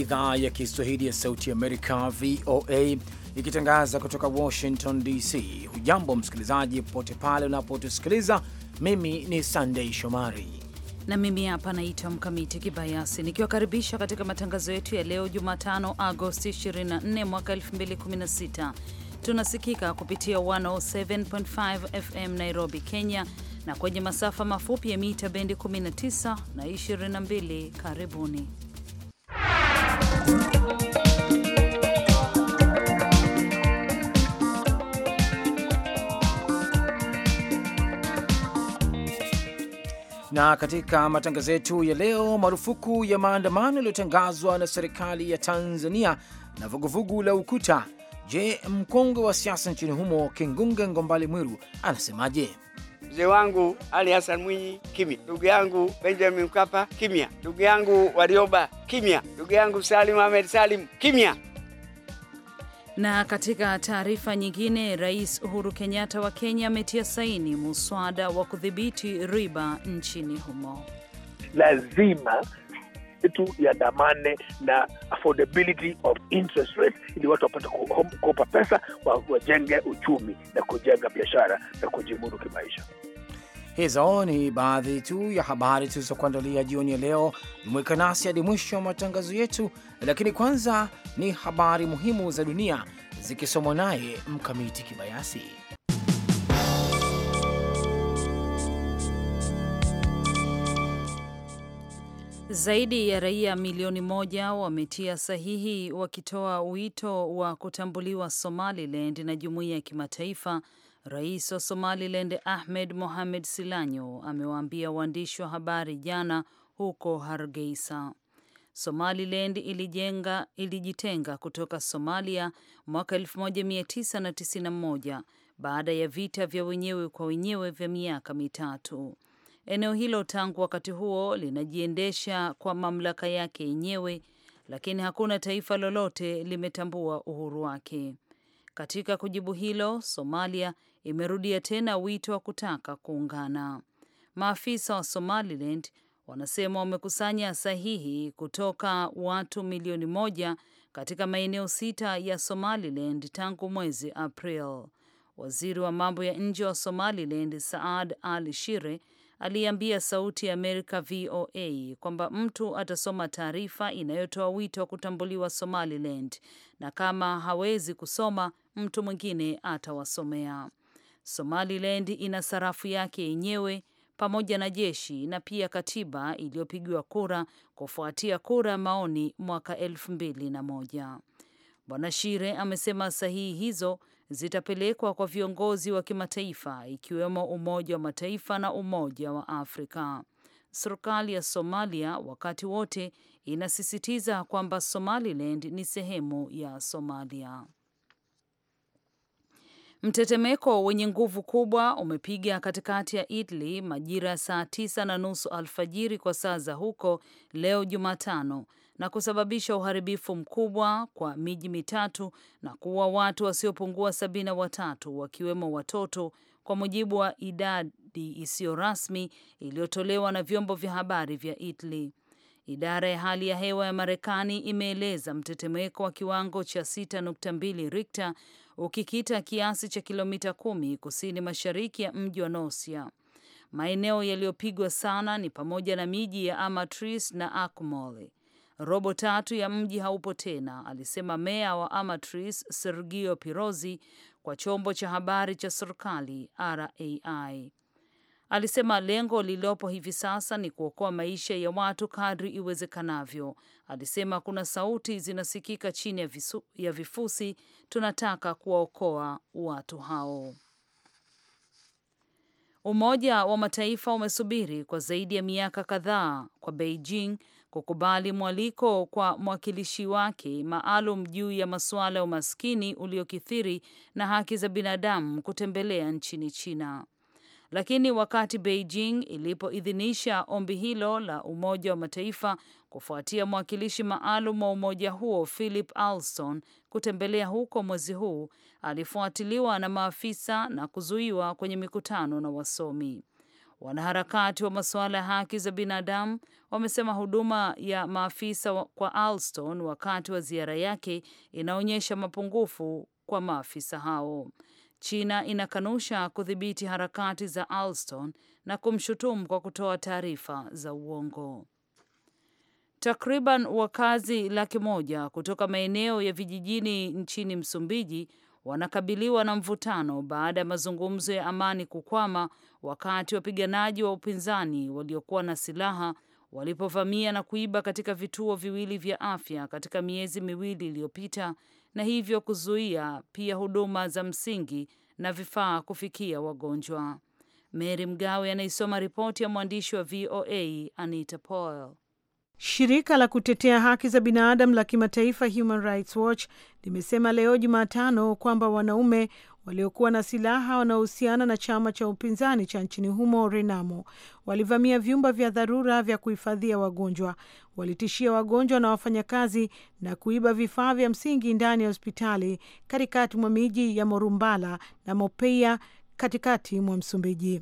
idhaa ya Kiswahili ya Sauti Amerika, VOA, ikitangaza kutoka Washington DC. Hujambo msikilizaji, popote pale unapotusikiliza. Mimi ni Sandei Shomari na mimi hapa naitwa Mkamiti Kibayasi nikiwakaribisha katika matangazo yetu ya leo Jumatano, Agosti 24 mwaka 2016. Tunasikika kupitia 107.5 FM Nairobi, Kenya, na kwenye masafa mafupi ya mita bendi 19 na 22. Karibuni. Na katika matangazo yetu ya leo, marufuku ya maandamano yaliyotangazwa na serikali ya Tanzania na vuguvugu la Ukuta. Je, mkongwe wa siasa nchini humo Kingunge Ngombale Mwiru anasemaje? mzee wangu Ali Hassan Mwinyi kimya, ndugu yangu Benjamin Mkapa kimya, ndugu yangu Warioba kimya, ndugu yangu Salim Ahmed Salim kimya. Na katika taarifa nyingine, Rais Uhuru Kenyatta wa Kenya ametia saini muswada wa kudhibiti riba nchini humo. Lazima yetu ya dhamane na affordability of interest rate, ili watu wapate kukopa pesa wajenge uchumi na kujenga biashara na kujimudu kimaisha. Hizo ni baadhi tu ya habari tulizokuandalia jioni ya leo. Mweka nasi hadi mwisho wa matangazo yetu, lakini kwanza ni habari muhimu za dunia zikisomwa naye Mkamiti Kibayasi. Zaidi ya raia milioni moja wametia sahihi wakitoa wito wa kutambuliwa Somaliland na jumuiya ya kimataifa. Rais wa Somaliland Ahmed Mohamed Silanyo amewaambia waandishi wa habari jana huko Hargeisa. Somaliland ilijenga, ilijitenga kutoka Somalia mwaka 1991 baada ya vita vya wenyewe kwa wenyewe vya miaka mitatu. Eneo hilo tangu wakati huo linajiendesha kwa mamlaka yake yenyewe, lakini hakuna taifa lolote limetambua uhuru wake. Katika kujibu hilo, Somalia imerudia tena wito wa kutaka kuungana. Maafisa wa Somaliland wanasema wamekusanya sahihi kutoka watu milioni moja katika maeneo sita ya Somaliland tangu mwezi April. Waziri wa mambo ya nje wa Somaliland Saad Al Shire aliambia Sauti ya Amerika VOA kwamba mtu atasoma taarifa inayotoa wito wa kutambuliwa Somaliland na kama hawezi kusoma, mtu mwingine atawasomea. Somaliland ina sarafu yake yenyewe pamoja na jeshi na pia katiba iliyopigiwa kura kufuatia kura ya maoni mwaka elfu mbili na moja. Bwana Shire amesema sahihi hizo zitapelekwa kwa viongozi wa kimataifa ikiwemo Umoja wa Mataifa na Umoja wa Afrika. Serikali ya Somalia wakati wote inasisitiza kwamba Somaliland ni sehemu ya Somalia. Mtetemeko wenye nguvu kubwa umepiga katikati ya Italy majira ya saa tisa na nusu alfajiri kwa saa za huko leo Jumatano na kusababisha uharibifu mkubwa kwa miji mitatu na kuua watu wasiopungua sabini na watatu wakiwemo watoto, kwa mujibu wa idadi isiyo rasmi iliyotolewa na vyombo vya habari vya Italy. Idara ya hali ya hewa ya Marekani imeeleza mtetemeko wa kiwango cha 6.2 Richter ukikita kiasi cha kilomita kumi kusini mashariki ya mji wa Nosia. Maeneo yaliyopigwa sana ni pamoja na miji ya Amatrice na Akmole robo tatu ya mji haupo tena, alisema meya wa Amatrice Sergio pirozi kwa chombo cha habari cha serikali RAI. Alisema lengo lililopo hivi sasa ni kuokoa maisha ya watu kadri iwezekanavyo. Alisema kuna sauti zinasikika chini ya visu, ya vifusi, tunataka kuwaokoa watu hao. Umoja wa Mataifa umesubiri kwa zaidi ya miaka kadhaa kwa Beijing kukubali mwaliko kwa mwakilishi wake maalum juu ya masuala ya umaskini uliokithiri na haki za binadamu kutembelea nchini China lakini wakati Beijing ilipoidhinisha ombi hilo la Umoja wa Mataifa kufuatia mwakilishi maalum wa umoja huo Philip Alston kutembelea huko mwezi huu, alifuatiliwa na maafisa na kuzuiwa kwenye mikutano na wasomi. Wanaharakati wa masuala ya haki za binadamu wamesema huduma ya maafisa kwa Alston wakati wa ziara yake inaonyesha mapungufu kwa maafisa hao. China inakanusha kudhibiti harakati za Alston na kumshutumu kwa kutoa taarifa za uongo. Takriban wakazi laki moja kutoka maeneo ya vijijini nchini Msumbiji wanakabiliwa na mvutano baada ya mazungumzo ya amani kukwama wakati wapiganaji wa upinzani waliokuwa na silaha walipovamia na kuiba katika vituo viwili vya afya katika miezi miwili iliyopita na hivyo kuzuia pia huduma za msingi na vifaa kufikia wagonjwa. Mary Mgawe anaisoma ripoti ya mwandishi wa VOA Anita Powell. Shirika la kutetea haki za binadamu la kimataifa Human Rights Watch limesema leo Jumatano kwamba wanaume waliokuwa na silaha wanaohusiana na chama cha upinzani cha nchini humo Renamo walivamia vyumba vya dharura vya kuhifadhia wagonjwa, walitishia wagonjwa na wafanyakazi na kuiba vifaa vya msingi ndani ya hospitali katikati mwa miji ya Morumbala na Mopeia katikati mwa Msumbiji.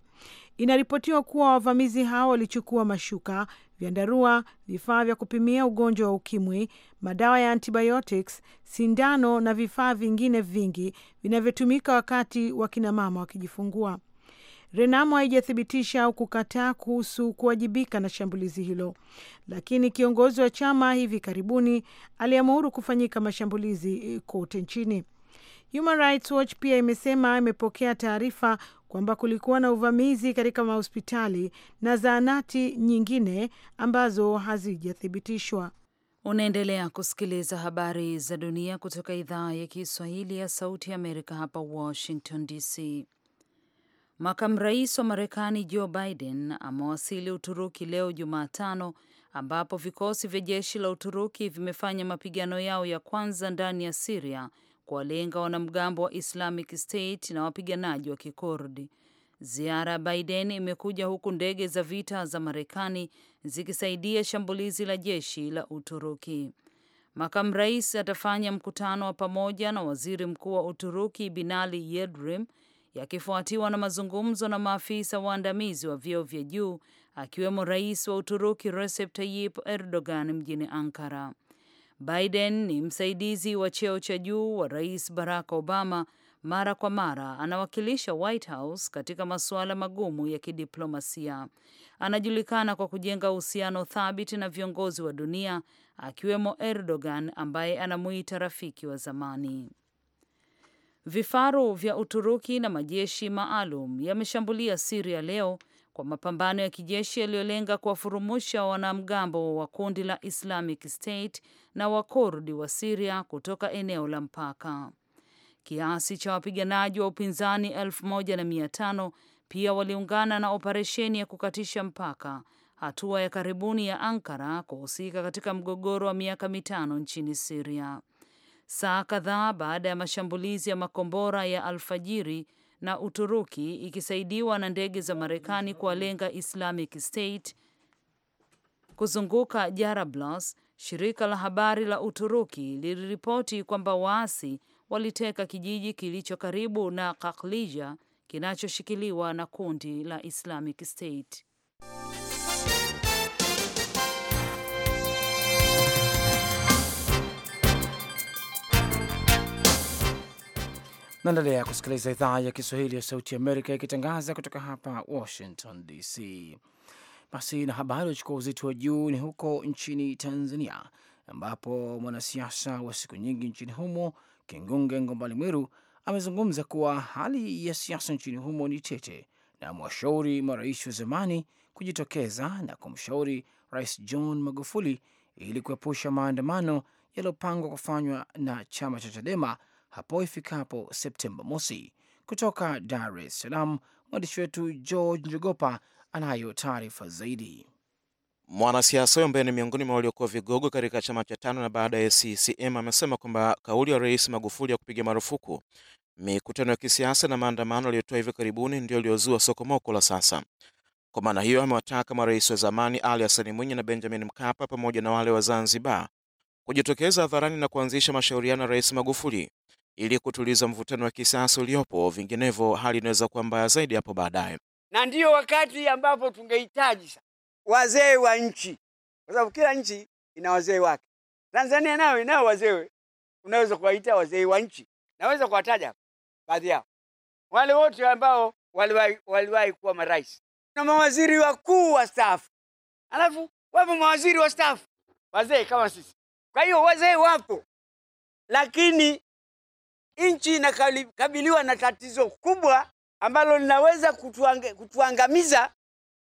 Inaripotiwa kuwa wavamizi hao walichukua mashuka, vyandarua, vifaa vya kupimia ugonjwa wa ukimwi, madawa ya antibiotics, sindano na vifaa vingine vingi vinavyotumika wakati wa kinamama wakijifungua. Renamo haijathibitisha au kukataa kuhusu kuwajibika na shambulizi hilo, lakini kiongozi wa chama hivi karibuni aliamuru kufanyika mashambulizi eh, kote nchini. Human Rights Watch pia imesema imepokea taarifa kwamba kulikuwa na uvamizi katika mahospitali na zahanati nyingine ambazo hazijathibitishwa. Unaendelea kusikiliza habari za dunia kutoka idhaa ya Kiswahili ya Sauti ya Amerika, hapa Washington DC. Makamu rais wa Marekani Joe Biden amewasili Uturuki leo Jumatano, ambapo vikosi vya jeshi la Uturuki vimefanya mapigano yao ya kwanza ndani ya Siria kuwalenga wanamgambo wa Islamic State na wapiganaji wa Kikurdi. Ziara ya Biden imekuja huku ndege za vita za Marekani zikisaidia shambulizi la jeshi la Uturuki. Makamu rais atafanya mkutano wa pamoja na waziri mkuu wa Uturuki Binali Yildirim, yakifuatiwa na mazungumzo na maafisa waandamizi wa vyeo vya juu akiwemo rais wa Uturuki Recep Tayyip Erdogan mjini Ankara. Biden ni msaidizi wa cheo cha juu wa Rais Barack Obama. Mara kwa mara anawakilisha White House katika masuala magumu ya kidiplomasia. Anajulikana kwa kujenga uhusiano thabiti na viongozi wa dunia akiwemo Erdogan ambaye anamuita rafiki wa zamani. Vifaru vya Uturuki na majeshi maalum yameshambulia Siria leo kwa mapambano ya kijeshi yaliyolenga kuwafurumusha wanamgambo wa kundi la Islamic State na Wakurdi wa Siria kutoka eneo la mpaka. Kiasi cha wapiganaji wa upinzani elfu moja na mia tano pia waliungana na operesheni ya kukatisha mpaka, hatua ya karibuni ya Ankara kuhusika katika mgogoro wa miaka mitano nchini Siria. Saa kadhaa baada ya mashambulizi ya makombora ya alfajiri na Uturuki ikisaidiwa na ndege za Marekani kuwalenga Islamic State kuzunguka Jarablus. Shirika la habari la Uturuki liliripoti kwamba waasi waliteka kijiji kilicho karibu na Kaklija kinachoshikiliwa na kundi la Islamic State. Naendelea kusikiliza idhaa ya Kiswahili ya Sauti Amerika ikitangaza kutoka hapa Washington DC. Basi na habari uchukua uzito wa juu ni huko nchini Tanzania, ambapo mwanasiasa wa siku nyingi nchini humo Kingunge Ngombali Mwiru amezungumza kuwa hali ya siasa nchini humo ni tete na mwashauri marais wa zamani kujitokeza na kumshauri Rais John Magufuli ili kuepusha maandamano yaliyopangwa kufanywa na chama cha Chadema hapo ifikapo Septemba mosi. Kutoka Dar es Salaam, mwandishi wetu George Njogopa anayo taarifa zaidi. Mwanasiasa huyo ambaye ni miongoni mwa waliokuwa vigogo katika chama cha tano na baada ya CCM amesema kwamba kauli ya Rais Magufuli ya kupiga marufuku mikutano ya kisiasa na maandamano aliyotoa hivi karibuni ndio iliyozua sokomoko la sasa. Kwa maana hiyo, amewataka marais wa zamani Ali Hassan Mwinyi na Benjamin Mkapa pamoja na wale wa Zanzibar kujitokeza hadharani na kuanzisha mashauriano ya Rais Magufuli ili kutuliza mvutano wa kisiasa uliopo, vinginevyo hali inaweza kuwa mbaya zaidi hapo baadaye, na ndiyo wakati ambapo tungehitaji wazee wa nchi, kwa sababu kila nchi ina wazee wake. Tanzania nayo inayo wazee, unaweza kuwaita wazee wa nchi. Naweza kuwataja baadhi yao, wale wote ambao waliwahi waliwahi kuwa marais na mawaziri wakuu wa wastaafu, alafu wapo mawaziri wa wastaafu wazee kama sisi. Kwa hiyo wazee wapo, lakini nchi inakabiliwa na tatizo kubwa ambalo linaweza kutuang, kutuangamiza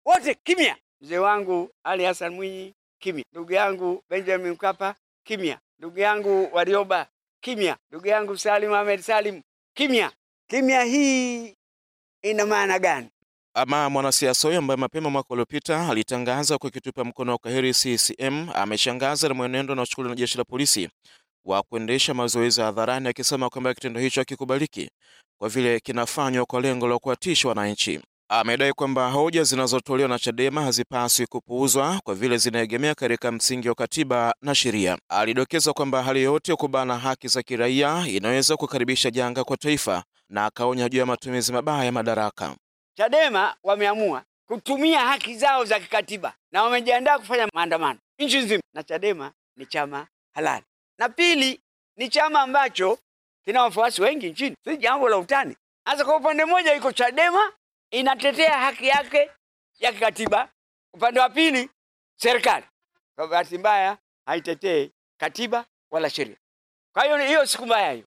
wote. Kimya. Mzee wangu Ali Hassan Mwinyi, kimya. Ndugu yangu Benjamin Mkapa, kimya. Ndugu yangu Warioba, kimya. Ndugu yangu Salim Ahmed Salim, kimya. Kimya hii ina maana gani? Ama mwanasiasa huyo ambaye mapema mwaka uliopita alitangaza kukitupa mkono wa kaheri CCM ameshangaza na mwenendo unaochukuliwa na jeshi la polisi wa kuendesha mazoezi hadharani akisema kwamba kitendo hicho hakikubaliki kwa vile kinafanywa kwa lengo la kuwatisha wananchi. Amedai kwamba hoja zinazotolewa na Chadema hazipaswi kupuuzwa kwa vile zinaegemea katika msingi wa katiba na sheria. Alidokeza kwamba hali yoyote ya kubana haki za kiraia inaweza kukaribisha janga kwa taifa, na akaonya juu ya matumizi mabaya ya madaraka. Chadema wameamua kutumia haki zao za kikatiba na wamejiandaa kufanya maandamano nchi nzima, na Chadema ni chama halali na pili ni chama ambacho kina wafuasi wengi nchini, si jambo la utani. Hasa kwa upande mmoja iko Chadema inatetea haki yake ya kikatiba, upande wa pili serikali kwa bahati mbaya haitetei katiba wala sheria. Kwa hiyo hiyo siku mbaya hiyo,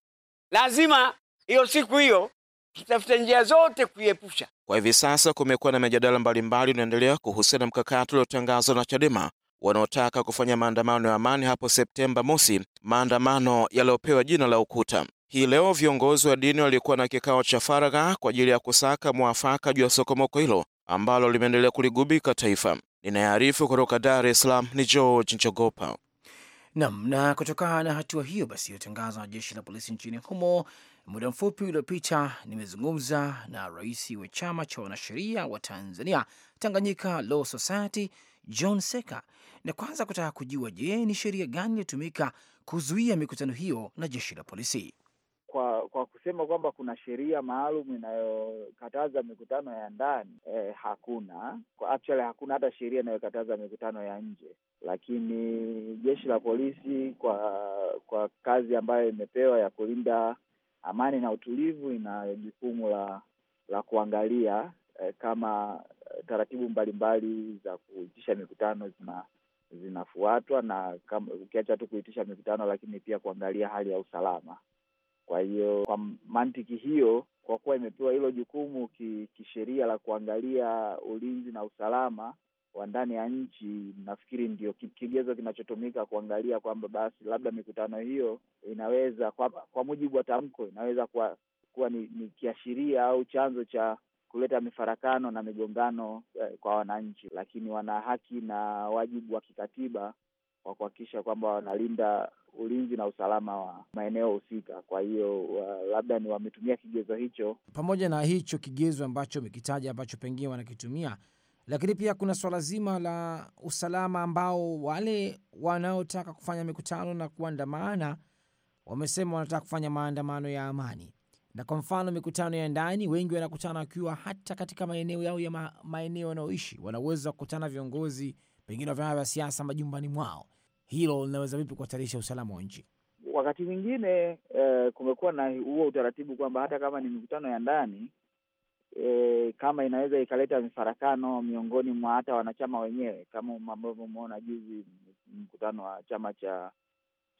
lazima hiyo siku hiyo tutafute njia zote kuiepusha. Kwa hivi sasa kumekuwa na mijadala mbalimbali unaendelea kuhusiana na mkakati uliotangazwa na Chadema wanaotaka kufanya maandamano ya amani hapo Septemba mosi, maandamano yaliyopewa jina la Ukuta. Hii leo viongozi wa dini walikuwa na kikao cha faragha kwa ajili ya kusaka mwafaka juu ya sokomoko hilo ambalo limeendelea kuligubika taifa. Ninayearifu kutoka Dar es Salaam ni George Njogopa. Nam na kutokana na hatua hiyo basi iliyotangazwa na jeshi la polisi nchini humo muda mfupi uliopita, nimezungumza na rais wa chama cha wanasheria wa Tanzania Tanganyika Law Society John Seka na kwanza kutaka kujua, je, ni sheria gani ilitumika kuzuia mikutano hiyo na jeshi la polisi? Kwa kwa kusema kwamba kuna sheria maalum inayokataza mikutano ya ndani eh, hakuna kwa actually, hakuna hata sheria inayokataza mikutano ya nje, lakini jeshi la polisi kwa kwa kazi ambayo imepewa ya kulinda amani na utulivu, ina jukumu la la kuangalia eh, kama eh, taratibu mbalimbali za kuitisha mikutano zina zinafuatwa, na ukiacha tu kuitisha mikutano, lakini pia kuangalia hali ya usalama. Kwa hiyo kwa mantiki hiyo, kwa kuwa imepewa hilo jukumu kisheria la kuangalia ulinzi na usalama wa ndani ya nchi, nafikiri ndio kigezo kinachotumika kuangalia kwamba basi labda mikutano hiyo inaweza kwa, kwa mujibu wa tamko inaweza kuwa, kuwa ni, ni kiashiria au chanzo cha kuleta mifarakano na migongano eh, kwa wananchi, lakini wana haki na wajibu wa kikatiba wa kuhakikisha kwamba wanalinda ulinzi na usalama wa maeneo husika. Kwa hiyo labda ni wametumia kigezo hicho, pamoja na hicho kigezo ambacho umekitaja ambacho pengine wanakitumia, lakini pia kuna swala zima la usalama ambao wale wanaotaka kufanya mikutano na kuandamana wamesema wanataka kufanya maandamano ya amani na kwa mfano mikutano ya ndani, wengi wanakutana wakiwa hata katika maeneo yao ya ma, maeneo wanaoishi, wanaweza kukutana viongozi pengine wa vyama vya siasa majumbani mwao. Hilo linaweza vipi kuhatarisha usalama wa nchi? Wakati mwingine e, kumekuwa na huo utaratibu kwamba hata kama ni mikutano ya ndani e, kama inaweza ikaleta mifarakano miongoni mwa hata wanachama wenyewe, kama ambavyo umeona juzi mkutano wa chama cha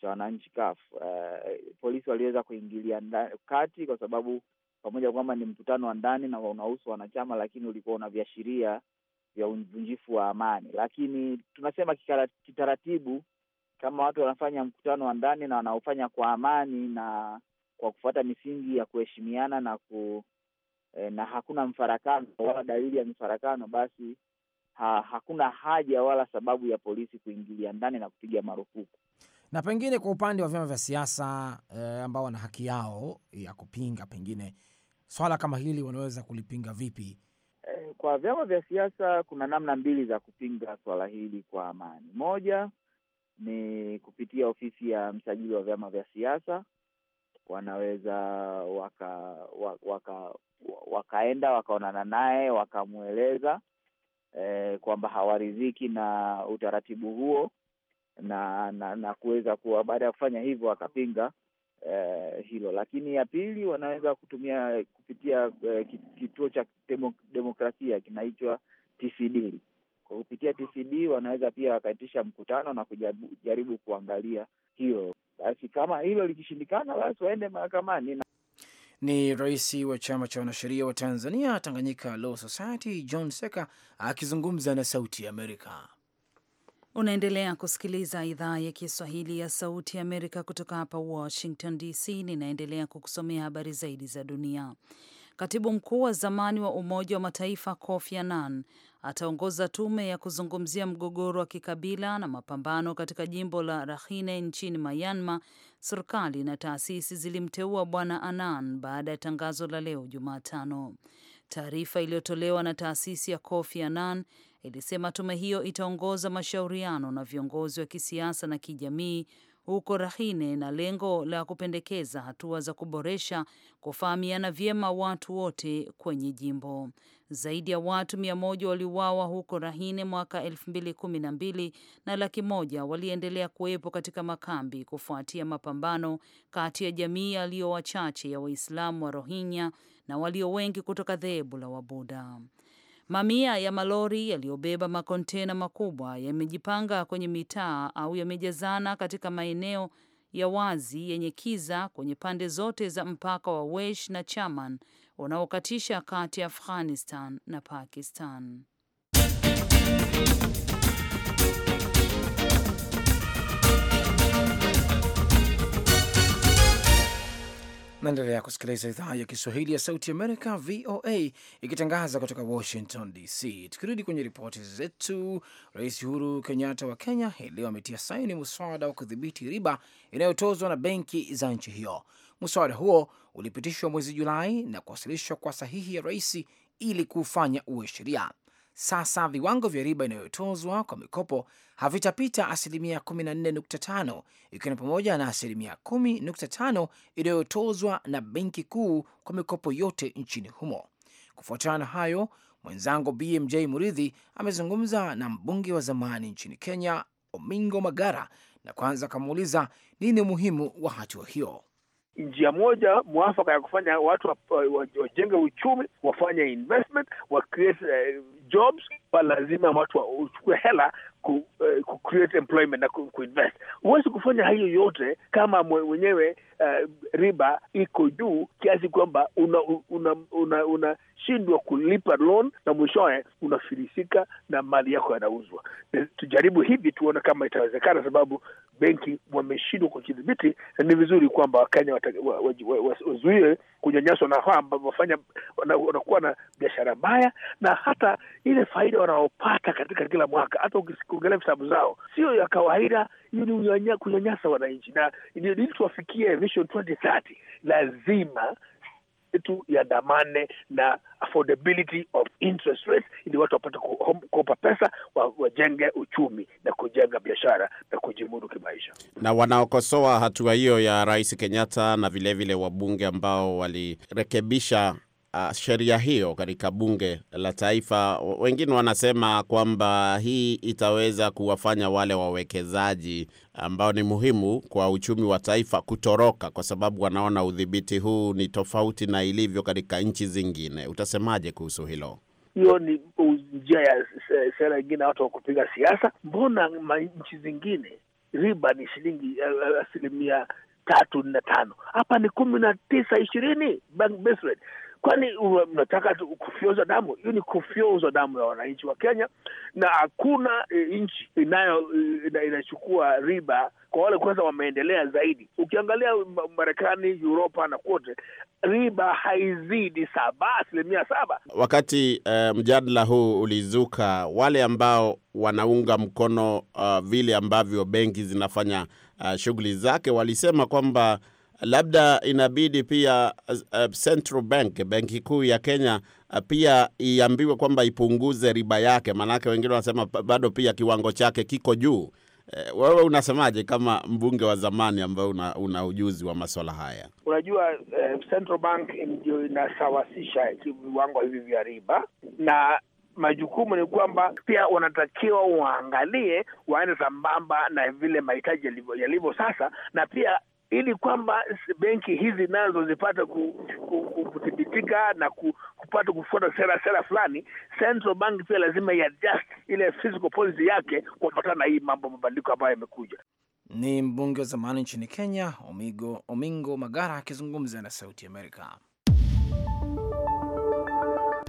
cha wananchi kafu. Uh, eh, polisi waliweza kuingilia kati kwa sababu pamoja kwamba ni mkutano wa ndani na unahusu wanachama, lakini ulikuwa una viashiria vya uvunjifu wa amani. Lakini tunasema kitaratibu, kama watu wanafanya mkutano wa ndani na wanaofanya kwa amani na kwa kufuata misingi ya kuheshimiana na ku eh, na hakuna mfarakano wala dalili ya mfarakano, basi ha, hakuna haja wala sababu ya polisi kuingilia ndani na kupiga marufuku. Na pengine kwa upande wa vyama vya siasa e, ambao wana haki yao ya kupinga, pengine swala kama hili wanaweza kulipinga vipi? Eh, kwa vyama vya siasa kuna namna mbili za kupinga swala hili kwa amani. Moja ni kupitia ofisi ya msajili wa vyama vya siasa wanaweza waka, waka, wakaenda wakaonana naye wakamweleza eh, kwamba hawaridhiki na utaratibu huo na na, na kuweza kuwa baada ya kufanya hivyo akapinga eh, hilo. Lakini ya pili wanaweza kutumia kupitia eh, kituo cha demokrasia kinaitwa TCD. Kwa kupitia TCD wanaweza pia wakaitisha mkutano na kujaribu kuangalia hiyo Basi kama hilo likishindikana, basi waende mahakamani na ni rais wa chama cha wanasheria wa Tanzania Tanganyika Law Society John Seka akizungumza na Sauti ya Amerika. Unaendelea kusikiliza idhaa ya Kiswahili ya Sauti ya Amerika kutoka hapa Washington DC. Ninaendelea kukusomea habari zaidi za dunia. Katibu mkuu wa zamani wa Umoja wa Mataifa Kofi Annan ataongoza tume ya kuzungumzia mgogoro wa kikabila na mapambano katika jimbo la Rakhine nchini Myanmar. Serikali na taasisi zilimteua bwana Annan baada ya tangazo la leo Jumatano. Taarifa iliyotolewa na taasisi ya Kofi Annan ilisema tume hiyo itaongoza mashauriano na viongozi wa kisiasa na kijamii huko Rakhine na lengo la kupendekeza hatua za kuboresha kufahamiana vyema watu wote kwenye jimbo. Zaidi ya watu mia moja waliuawa huko Rakhine mwaka elfu mbili kumi na mbili na laki moja waliendelea kuwepo katika makambi kufuatia mapambano kati ya jamii yaliyo wachache ya Waislamu wa Rohingya na walio wengi kutoka dhehebu la wabuda Mamia ya malori yaliyobeba makontena makubwa yamejipanga kwenye mitaa au yamejazana katika maeneo ya wazi yenye kiza kwenye pande zote za mpaka wa Wesh na Chaman unaokatisha kati ya Afghanistan na Pakistan. Naendelea kusikiliza idhaa ya Kiswahili ya Sauti Amerika, VOA, ikitangaza kutoka Washington DC. Tukirudi kwenye ripoti zetu, Rais Uhuru Kenyatta wa Kenya hii leo ametia saini muswada wa kudhibiti riba inayotozwa na benki za nchi hiyo. Muswada huo ulipitishwa mwezi Julai na kuwasilishwa kwa sahihi ya rais ili kuufanya uwe sheria sasa viwango vya riba inayotozwa kwa mikopo havitapita asilimia 14.5 ikiwa ni pamoja na asilimia 10.5 inayotozwa na benki kuu kwa mikopo yote nchini humo. Kufuatana na hayo, mwenzangu BMJ Muridhi amezungumza na mbunge wa zamani nchini Kenya, Omingo Magara, na kwanza akamuuliza nini umuhimu wa hatua hiyo njia moja mwafaka ya kufanya watu wajenge wa, wa uchumi, wafanye investment, wa create uh, jobs, pa lazima watu wachukue hela ku, uh, ku create employment na ku, kuinvest. Huwezi kufanya hayo yote kama mwenyewe uh, riba iko juu kiasi kwamba una, una, una, una unashindwa kulipa loan na mwishowe unafirisika na mali yako yanauzwa. Tujaribu hivi tuone kama itawezekana, sababu benki wameshindwa kukidhibiti, na ni vizuri kwamba Wakenya wazuiwe kunyanyaswa na hawa ambao wafanya wanakuwa na biashara mbaya, na hata ile faida wanaopata katika kila mwaka, hata ukiongelea visabu zao sio ya kawaida. Hiyo ni kunyanyasa wananchi, na ili tuwafikie vision 2030 lazima yetu ya dhamane na affordability of interest rates, ili watu wapate kukopa pesa, wajenge uchumi na kujenga biashara na kujimudu kimaisha. Na wanaokosoa hatua hiyo ya Rais Kenyatta na vilevile wabunge ambao walirekebisha uh, sheria hiyo katika bunge la taifa. Wengine wanasema kwamba hii itaweza kuwafanya wale wawekezaji ambao ni muhimu kwa uchumi wa taifa kutoroka, kwa sababu wanaona udhibiti huu ni tofauti na ilivyo katika nchi zingine. Utasemaje kuhusu hilo? Hiyo ni njia ya sera ingine watu wa kupiga siasa. Mbona nchi zingine riba ni shilingi eh, asilimia tatu na tano, hapa ni kumi na tisa ishirini bank base rate. Kwani um, mnataka kufyoza damu? Hiyo ni kufyoza damu ya wananchi wa Kenya, na hakuna e, nchi inayo e, inachukua riba kwa wale kwanza wameendelea zaidi. Ukiangalia um, Marekani, Uropa na kote riba haizidi saba asilimia saba. Wakati uh, mjadala huu ulizuka, wale ambao wanaunga mkono uh, vile ambavyo benki zinafanya uh, shughuli zake walisema kwamba labda inabidi pia uh, uh, Central Bank, benki kuu ya Kenya uh, pia iambiwe kwamba ipunguze riba yake, maanake wengine wanasema bado pia kiwango chake kiko juu. Uh, wewe unasemaje kama mbunge wa zamani ambaye una, una ujuzi wa masuala haya? Unajua uh, Central Bank ndio inasawasisha viwango hivi vya riba na majukumu ni kwamba pia wanatakiwa waangalie waende sambamba na vile mahitaji yalivyo sasa, na pia ili kwamba benki hizi nazo zipate kuthibitika na kupata kufuata sera sera fulani. Central Bank pia lazima iadjust ile fiscal policy yake kuambatana na hii mambo mabadiliko ambayo yamekuja. Ni mbunge wa zamani nchini Kenya Omigo, Omingo Magara akizungumza na Sauti Amerika.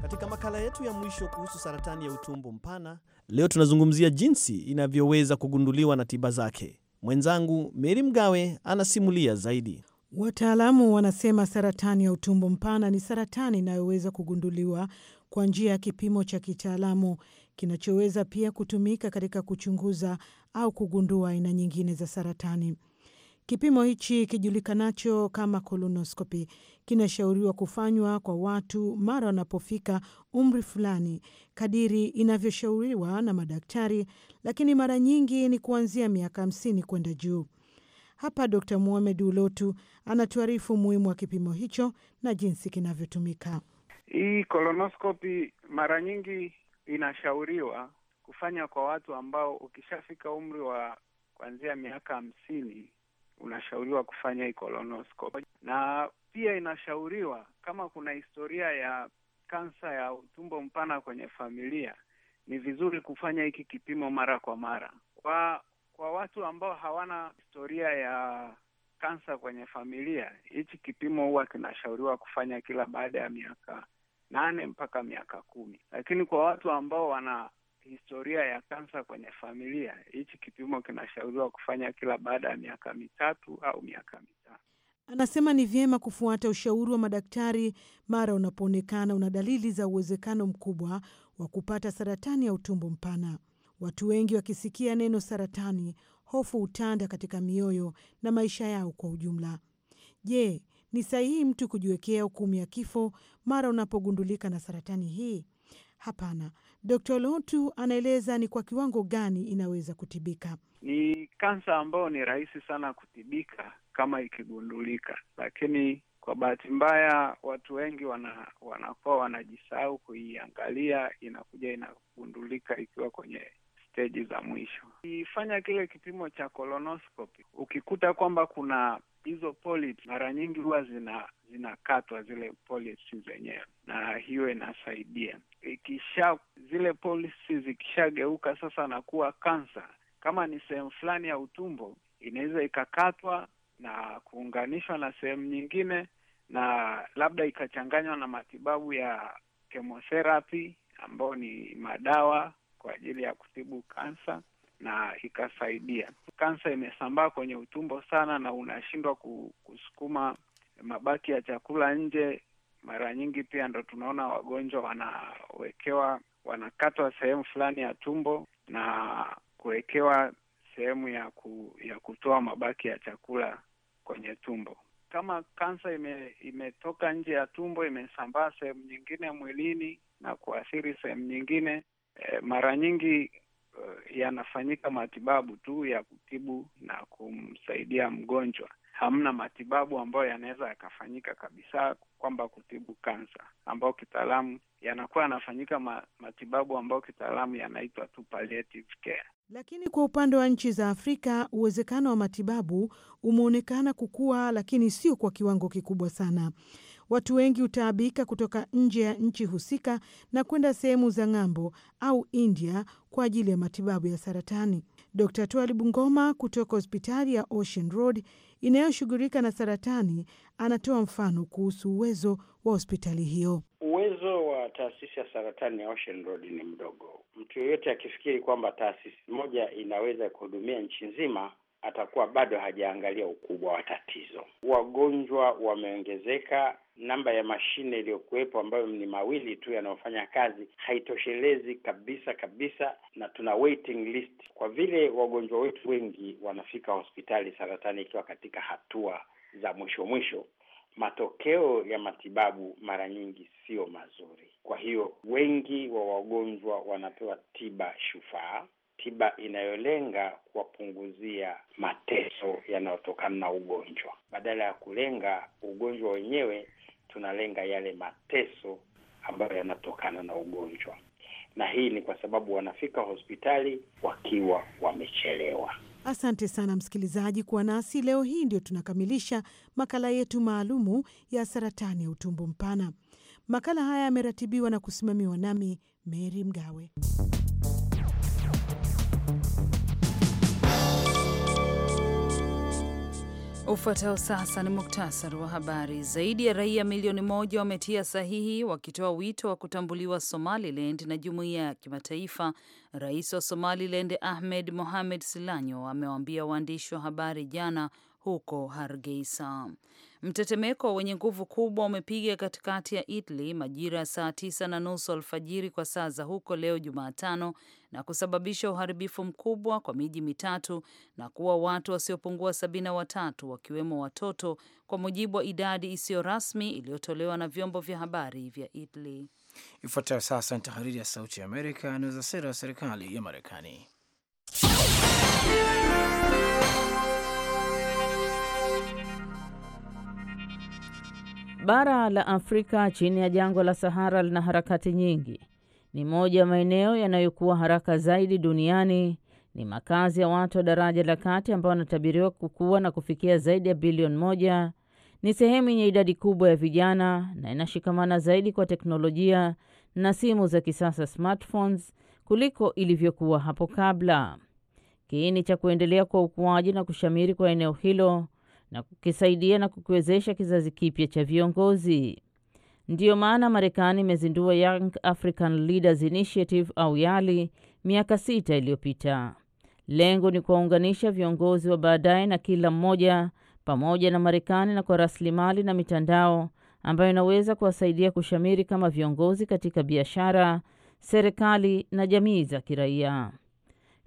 Katika makala yetu ya mwisho kuhusu saratani ya utumbo mpana, leo tunazungumzia jinsi inavyoweza kugunduliwa na tiba zake. Mwenzangu Meri Mgawe anasimulia zaidi. Wataalamu wanasema saratani ya utumbo mpana ni saratani inayoweza kugunduliwa kwa njia ya kipimo cha kitaalamu kinachoweza pia kutumika katika kuchunguza au kugundua aina nyingine za saratani. Kipimo hichi kijulikanacho kama kolonoskopi kinashauriwa kufanywa kwa watu mara wanapofika umri fulani kadiri inavyoshauriwa na madaktari, lakini mara nyingi ni kuanzia miaka hamsini kwenda juu. Hapa Dr muhamed Ulotu anatuarifu umuhimu wa kipimo hicho na jinsi kinavyotumika. Hii kolonoskopi mara nyingi inashauriwa kufanya kwa watu ambao ukishafika umri wa kuanzia miaka hamsini unashauriwa kufanya hii colonoscopy, na pia inashauriwa kama kuna historia ya kansa ya utumbo mpana kwenye familia, ni vizuri kufanya hiki kipimo mara kwa mara. Kwa kwa watu ambao hawana historia ya kansa kwenye familia, hichi kipimo huwa kinashauriwa kufanya kila baada ya miaka nane mpaka miaka kumi, lakini kwa watu ambao wana historia ya kansa kwenye familia. Hichi kipimo kinashauriwa kufanya kila baada ya miaka mitatu au miaka mitano. Anasema ni vyema kufuata ushauri wa madaktari mara unapoonekana una dalili za uwezekano mkubwa wa kupata saratani ya utumbo mpana. Watu wengi wakisikia neno saratani, hofu hutanda katika mioyo na maisha yao kwa ujumla. Je, ni sahihi mtu kujiwekea hukumu ya kifo mara unapogundulika na saratani hii? Hapana, Dr. Lontu anaeleza ni kwa kiwango gani inaweza kutibika. Ni kansa ambayo ni rahisi sana kutibika kama ikigundulika, lakini kwa bahati mbaya watu wengi wana, wanakuwa wanajisahau kuiangalia, inakuja inagundulika ikiwa kwenye steji za mwisho. Ukifanya kile kipimo cha colonoscopy ukikuta kwamba kuna hizo polyps mara nyingi huwa zina zinakatwa zile polisi zenyewe, na hiyo inasaidia. Ikisha zile polisi zikishageuka sasa na kuwa kansa, kama ni sehemu fulani ya utumbo, inaweza ikakatwa na kuunganishwa na sehemu nyingine, na labda ikachanganywa na matibabu ya chemotherapy, ambayo ni madawa kwa ajili ya kutibu kansa na ikasaidia. Kansa imesambaa kwenye utumbo sana, na unashindwa kusukuma mabaki ya chakula nje. Mara nyingi pia ndo tunaona wagonjwa wanawekewa, wanakatwa sehemu fulani ya tumbo na kuwekewa sehemu ya ku, ya kutoa mabaki ya chakula kwenye tumbo. Kama kansa ime, imetoka nje ya tumbo, imesambaa sehemu nyingine mwilini na kuathiri sehemu nyingine. E, mara nyingi Eh, yanafanyika matibabu tu ya kutibu na kumsaidia mgonjwa. Hamna matibabu ambayo yanaweza yakafanyika kabisa kwamba kutibu kansa, ambayo kitaalamu yanakuwa yanafanyika ma, matibabu ambayo kitaalamu yanaitwa tu palliative care. Lakini kwa upande wa nchi za Afrika uwezekano wa matibabu umeonekana kukua, lakini sio kwa kiwango kikubwa sana. Watu wengi hutaabika kutoka nje ya nchi husika na kwenda sehemu za ng'ambo au India kwa ajili ya matibabu ya saratani. Dkt Twalib Ngoma kutoka hospitali ya Ocean Road inayoshughulika na saratani anatoa mfano kuhusu uwezo wa hospitali hiyo. Uwezo wa taasisi ya saratani ya Ocean Road ni mdogo. Mtu yoyote akifikiri kwamba taasisi moja inaweza kuhudumia nchi nzima atakuwa bado hajaangalia ukubwa wa tatizo. Wagonjwa wameongezeka namba ya mashine iliyokuwepo ambayo ni mawili tu yanayofanya kazi haitoshelezi kabisa kabisa, na tuna waiting list kwa vile wagonjwa wetu wengi wanafika hospitali saratani ikiwa katika hatua za mwisho mwisho. Matokeo ya matibabu mara nyingi sio mazuri. Kwa hiyo wengi wa wagonjwa wanapewa tiba shufaa, tiba inayolenga kuwapunguzia mateso yanayotokana na ugonjwa badala ya kulenga ugonjwa wenyewe tunalenga yale mateso ambayo yanatokana na ugonjwa, na hii ni kwa sababu wanafika hospitali wakiwa wamechelewa. Asante sana msikilizaji kuwa nasi leo hii. Ndio tunakamilisha makala yetu maalumu ya saratani ya utumbo mpana. Makala haya yameratibiwa na kusimamiwa nami Meri Mgawe. Ufuatao sasa ni muktasari wa habari. Zaidi ya raia milioni moja wametia sahihi wakitoa wito wa kutambuliwa Somaliland na jumuiya ya kimataifa. Rais wa Somaliland Ahmed Mohamed Silanyo amewaambia waandishi wa habari jana huko Hargeisa. Mtetemeko wenye nguvu kubwa umepiga katikati ya Italy majira ya saa tisa na nusu alfajiri kwa saa za huko leo Jumatano, na kusababisha uharibifu mkubwa kwa miji mitatu na kuwa watu wasiopungua sabini na watatu wakiwemo watoto, kwa mujibu wa idadi isiyo rasmi iliyotolewa na vyombo vya habari vya Italy. Ifuatayo sasa ni tahariri ya Sauti ya Amerika inaweza sera ya serikali ya Marekani. Bara la Afrika chini ya jangwa la Sahara lina harakati nyingi ni moja ya maeneo yanayokuwa haraka zaidi duniani. Ni makazi ya watu wa daraja la kati ambao wanatabiriwa kukua na kufikia zaidi ya bilioni moja. Ni sehemu yenye idadi kubwa ya vijana na inashikamana zaidi kwa teknolojia na simu za kisasa smartphones kuliko ilivyokuwa hapo kabla. Kiini cha kuendelea kwa ukuaji na kushamiri kwa eneo hilo na kukisaidia na kukiwezesha kizazi kipya cha viongozi. Ndiyo maana Marekani imezindua Young African Leaders Initiative au YALI miaka sita iliyopita. Lengo ni kuwaunganisha viongozi wa baadaye na kila mmoja pamoja na Marekani na kwa rasilimali na mitandao ambayo inaweza kuwasaidia kushamiri kama viongozi katika biashara, serikali na jamii za kiraia.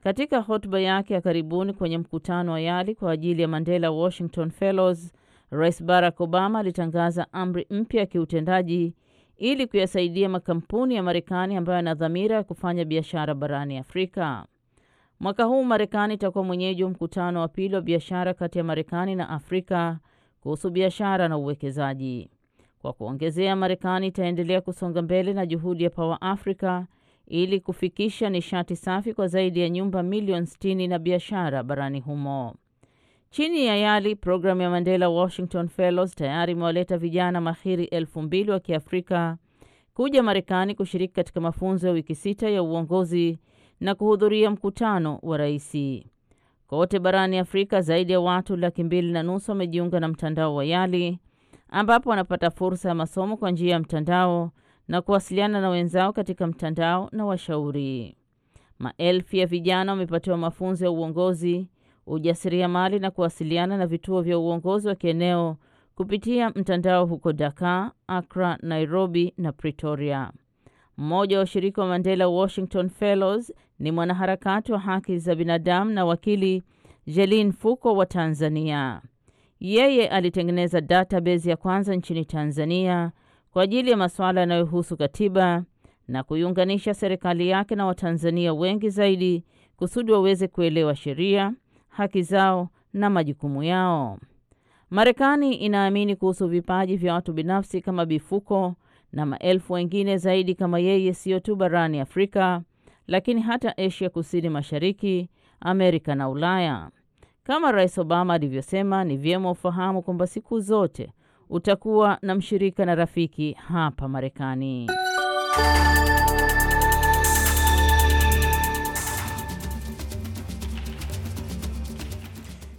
Katika hotuba yake ya karibuni kwenye mkutano wa YALI kwa ajili ya Mandela Washington Fellows Rais Barack Obama alitangaza amri mpya ya kiutendaji ili kuyasaidia makampuni ya Marekani ambayo yana dhamira ya kufanya biashara barani Afrika. Mwaka huu Marekani itakuwa mwenyeji wa mkutano wa pili wa biashara kati ya Marekani na Afrika kuhusu biashara na uwekezaji. Kwa kuongezea, Marekani itaendelea kusonga mbele na juhudi ya Power Africa ili kufikisha nishati safi kwa zaidi ya nyumba milioni 60 na biashara barani humo. Chini ya YALI, programu ya Mandela Washington Fellows tayari imewaleta vijana mahiri elfu mbili wa Kiafrika kuja Marekani kushiriki katika mafunzo ya wiki sita ya uongozi na kuhudhuria mkutano wa raisi. Kote barani Afrika, zaidi ya watu laki mbili na nusu wamejiunga na mtandao wa YALI ambapo wanapata fursa ya masomo kwa njia ya mtandao na kuwasiliana na wenzao katika mtandao na washauri. Maelfu ya vijana wamepatiwa mafunzo ya uongozi ujasiriamali na kuwasiliana na vituo vya uongozi wa kieneo kupitia mtandao huko Dakar, Accra, Nairobi na Pretoria. Mmoja wa washirika wa Mandela Washington Fellows ni mwanaharakati wa haki za binadamu na wakili Jeline Fuko wa Tanzania. Yeye alitengeneza database ya kwanza nchini Tanzania kwa ajili ya masuala yanayohusu katiba na kuiunganisha serikali yake na Watanzania wengi zaidi kusudi waweze kuelewa sheria, haki zao na majukumu yao. Marekani inaamini kuhusu vipaji vya watu binafsi kama Bifuko na maelfu wengine zaidi kama yeye, siyo tu barani Afrika lakini hata Asia Kusini Mashariki, Amerika na Ulaya. Kama Rais Obama alivyosema, ni vyema ufahamu kwamba siku zote utakuwa na mshirika na rafiki hapa Marekani.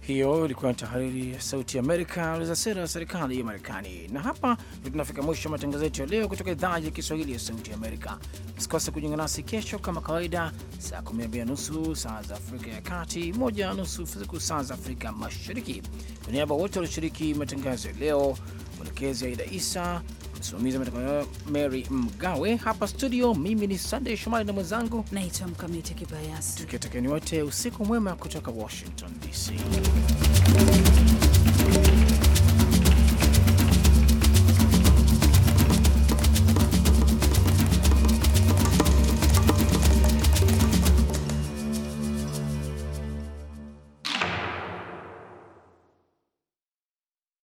Hiyo ilikuwa ni tahariri ya Sauti ya Amerika, aliza sera ya serikali ya Marekani. Na hapa ndio tunafika mwisho wa matangazo yetu ya leo kutoka idhaa ya Kiswahili ya Sauti ya Amerika. Msikose kujiunga nasi kesho kama kawaida, saa 12 nusu saa za Afrika ya Kati, moja nusu usiku saa za Afrika Mashariki. Kwa niaba wote walioshiriki matangazo ya leo, mwelekezi Aida Isa msimamizi ametakana Mary Mgawe hapa studio. Mimi ni Sunday Shomari na mwenzangu naitwa Mkamiti Kibayasi, tukiatakani wote usiku mwema kutoka Washington DC.